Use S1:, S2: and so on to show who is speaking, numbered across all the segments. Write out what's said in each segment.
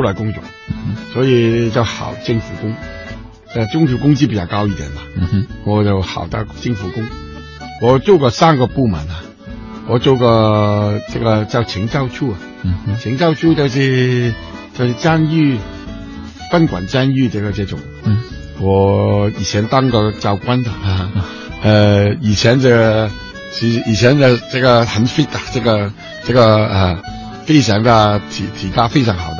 S1: 出嚟工作，所以就考政府工，誒、啊，中途工資比較高一點嘛。嗯、我就考得政府工，我做過三個部門啊，我做過這個叫懲教處啊，嗯、懲教處就是就是監獄、分管監獄這個這種、嗯。我以前當過教官的啊，誒、呃，以前這嘅、個，其實以前的這個很 fit 啊，這個這個啊，非常的體體格非常好的。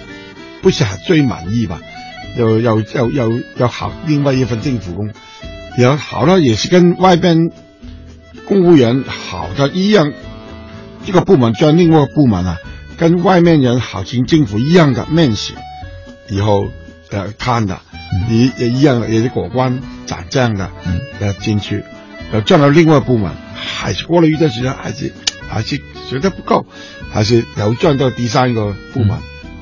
S1: 不是係最滿意吧？又又又又又考另外一份政府工，有考了也是跟外面公務員考的一樣，一、這個部門轉另外一個部門啊，跟外面人考進政府一樣的面試，以後呃看的，你、嗯、也，也一樣，也是過關斬將的，嚟、嗯、進去，又轉到另外一部門，還是過了一段時間，還是還是覺得不夠，還是又轉到第三個部門。嗯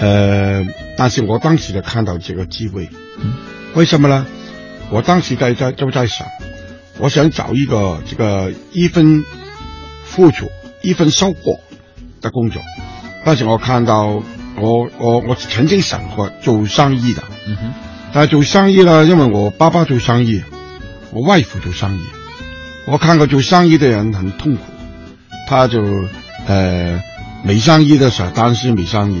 S1: 呃，但是我當時就看到這個機會。嗯。為什麼呢？我當時在在就在想，我想找一個這個一份付出，一份收穫的工作。但是我看到我我我曾經想過做生意的，嗯哼，但是做生意呢，因為我爸爸做生意，我外父做生意，我看過做生意的人很痛苦，他就呃沒生意的時候擔心沒生意。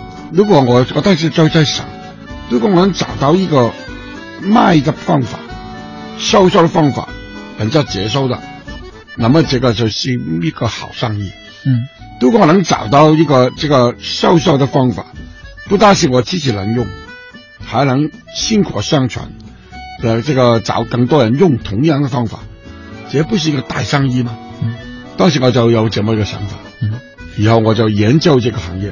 S1: 如果我我當時就在想，如果我能找到一個賣的方法，銷售，售的方法，人家接受的，那麼這個就是一個好生意。嗯，如果我能找到一個這個銷售，售的方法，不但是我自己能用，還能薪火相傳，嘅這個找更多人用同樣的方法，這不是一個大生意嗎？嗯，當時我就有這麼一個想法。嗯，然後我就研究這個行業。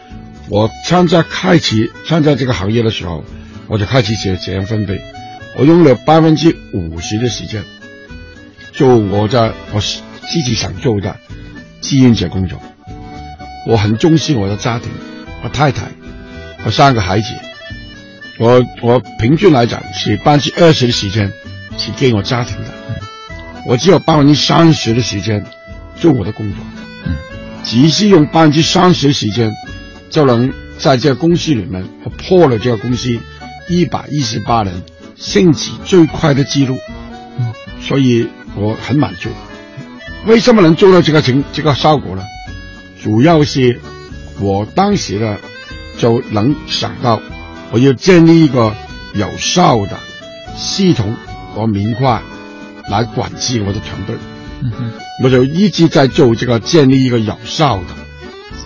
S1: 我參加開始參加這個行業的時候，我就開始這這樣分配。我用了百分之五十的時間做我在我自己想做的志願者工作。我很重視我的家庭，我太太，我三個孩子。我我平均來講是百分之二十的時間是給我家庭的，我只有百分之三十的時間做我的工作，只是用百分之三十的時間。就能在這個公司裏面破了這個公司一百一十八人升職最快的記錄，所以我很滿足。為什麼能做到這個成這個效果呢？主要是我當時呢就能想到我要建立一個有效的系統和明化來管制我的團隊，我就一直在做這個建立一個有效的。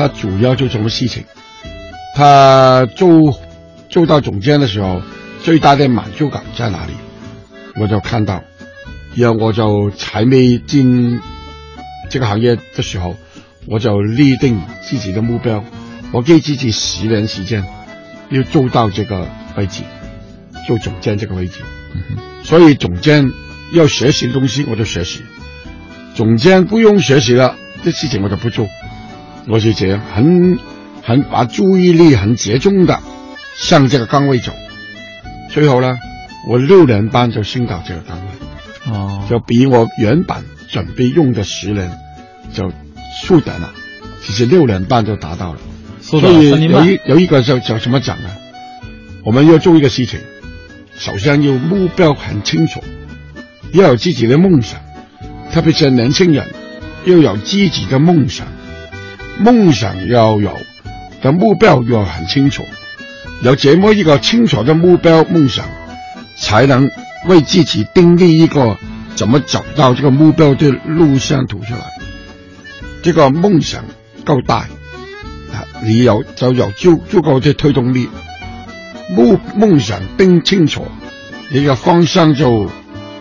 S1: 他主要做什麼事情？他做做到總監的時候，最大的滿足感在哪裡？我就看到，然後我就還沒進這個行業的時候，我就立定自己的目標，我給自己十年時間，要做到這個位置，做總監這個位置。嗯、所以總監要學習東西，我就學習；總監不用學習了，這事情我就不做。我是這樣，很、很把注意力很集中的向這個崗位走。最後呢，我六年半就升到這個崗位，哦、就比我原本準備用的十年就縮短了，其實六年半就達到了。所以有一有一個叫叫什麼講呢？我們要做一個事情，首先要目標很清楚，要有自己的夢想，特別是年輕人要有自己的夢想。夢想要有，的目標要很清楚，有這麼一個清楚的目標，夢想才能為自己定立一個，怎麼找到這個目標的路線圖出來。這個夢想夠大，啊，你有就有足足夠的推動力，目夢想定清楚，你嘅方向就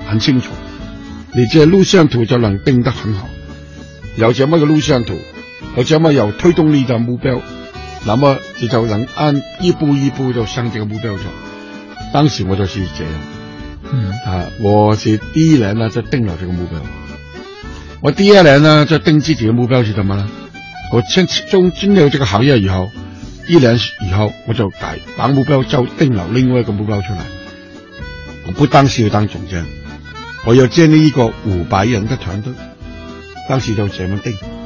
S1: 很清楚，你這個路線圖就能定得很好。有這麼一個路線圖。我咁咪由推動呢個目標，那麼就就能按一步一步就向這個目標走。當時我就係這樣、嗯，啊，我是第一年呢就定咗這個目標，我第二年呢就定自己嘅目標是乜啦？我先中專有這個行業以後，一年以後我就改把目標就定咗另外一個目標出來。我不當時要當總監，我要建立一個五百人的團隊，當時就這麼定。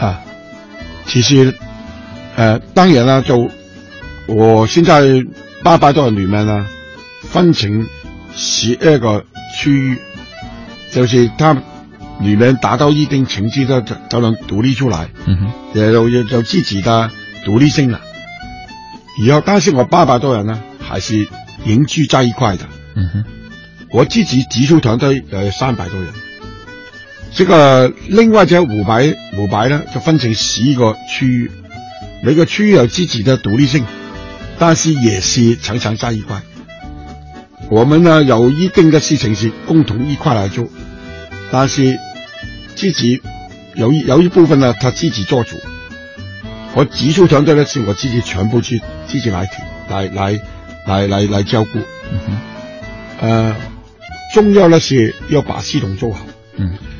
S1: 啊，其實，誒、呃，當然啦，就我現在八百多人裏面呢，分成十二個區域，就是他裏面達到一定成績嘅，都能獨立出來，嗯哼，也有有有自己的獨立性啦。然後，但是我八百多人呢，還是凝聚在一塊的。嗯哼，我自己技術團隊誒三百多人。這個另外只湖北，湖北呢就分成十一個區域，每個區域有自己的獨立性，但是也是常常在一塊。我們呢有一定嘅事情是共同一塊嚟做，但是自己有一有一部分呢，佢自己做主。我指出上邊咧，是我自己全部去自己奶團嚟嚟嚟照顧。誒、嗯，重要咧是要把系統做好。嗯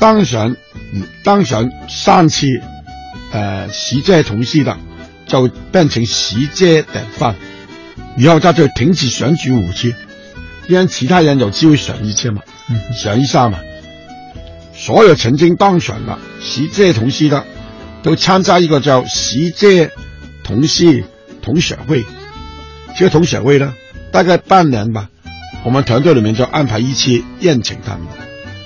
S1: 當選，當選三次，誒、呃，市姐同事啦，就變成市姐典範，然後他就停止選舉五次，讓其他人有機會選一次嘛，選、嗯、一下嘛，所有曾經當選啦，市姐同事的，都參加一個叫市姐同事同學會，這個同學會呢，大概半年吧，我們團隊裏面就安排一次宴請他們。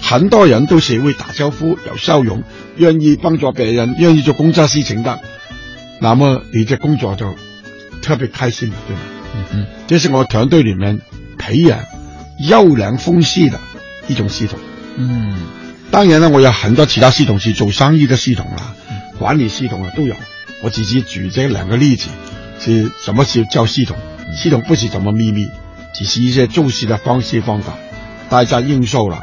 S1: 很多人都是會打招呼，有笑容，願意幫助別人，願意做公家事情的，那麼你嘅工作就特別開心，對嗎？嗯嗯，這是我團隊裏面培養優良風氣的一種系統。嗯，當然啦，我有很多其他系統是做生意嘅系統啦、嗯，管理系統啊都有。我自己舉這兩個例子，是什麼叫系統？系統不是什麼秘密，只是一些做事嘅方式方法，大家應受啦。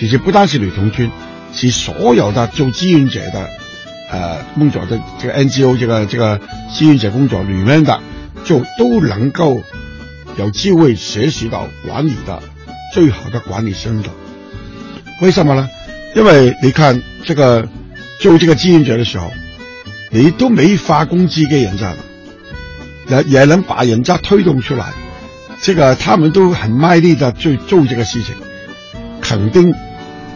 S1: 其實不單是女同村，是所有的做志願者的誒、呃，工作的即係 N G O，即係即係志願者工作裏面的就都能夠有機會學習到管理的最好的管理心得。為什麼呢？因為你看，這個做這個志願者的時候，你都沒發工資嘅人家，也也能把人家推動出來。這個他們都很賣力地做做這個事情，肯定。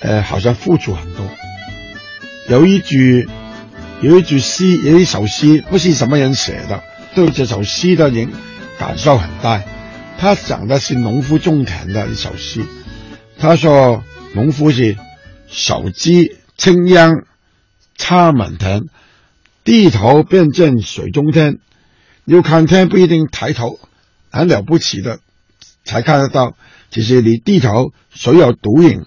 S1: 呃好像付出很多。有一句有一句詩，有一首詩，不是什麼人寫的，對這首詩的人感受很大。他講的是農夫種田的一首詩。他說：農夫是手執青秧插滿田，低頭便見水中天。要看天不一定抬頭，很了不起的才看得到。其實你低頭，水有倒影。